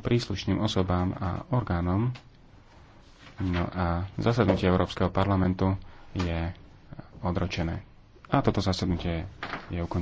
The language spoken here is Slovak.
príslušným osobám a orgánom. No a zasadnutie Európskeho parlamentu je odročené. A toto zasadnutie je ukončené.